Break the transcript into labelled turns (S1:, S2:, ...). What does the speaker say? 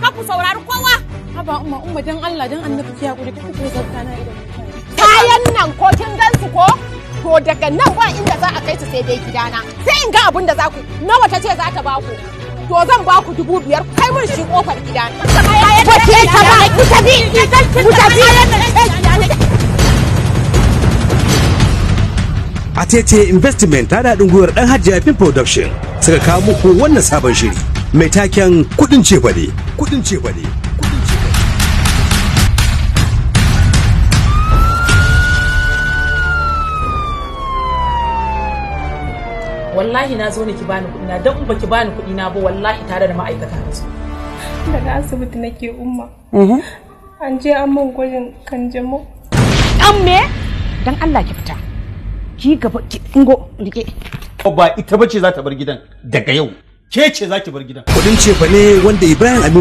S1: ka ku saurari kowa haba umma umma dan Allah dan annabi ki hakuri kake ku zarta na idan kayan nan ko kin gansu ko to daga nan ba inda za a kai su sai dai gidana sai in ga abin da za ku nawa ta ce za ta ba ku to zan ba ku dubu biyar kai mun shi kofar gidana ko ke ta ba ku tafi ku tafi
S2: a tete investment ta daɗin gwiwar ɗan hajji production suka kawo muku wannan sabon shiri mai taken kudin cefane
S3: kudin cefane kudin
S4: wallahi na zo ne ki bani kudi na dan in ki bani kudi na ba wallahi tare da ma'aikata na su
S5: daga asibiti nake umma mhm. an je an man gwajin kanjamau an me
S6: dan Allah ki fita ki gaba ki ingo rike
S2: ba ita bace za ta bar gidan daga yau ke ce za ki bar gidan. Kudin ce fa ne wanda Ibrahim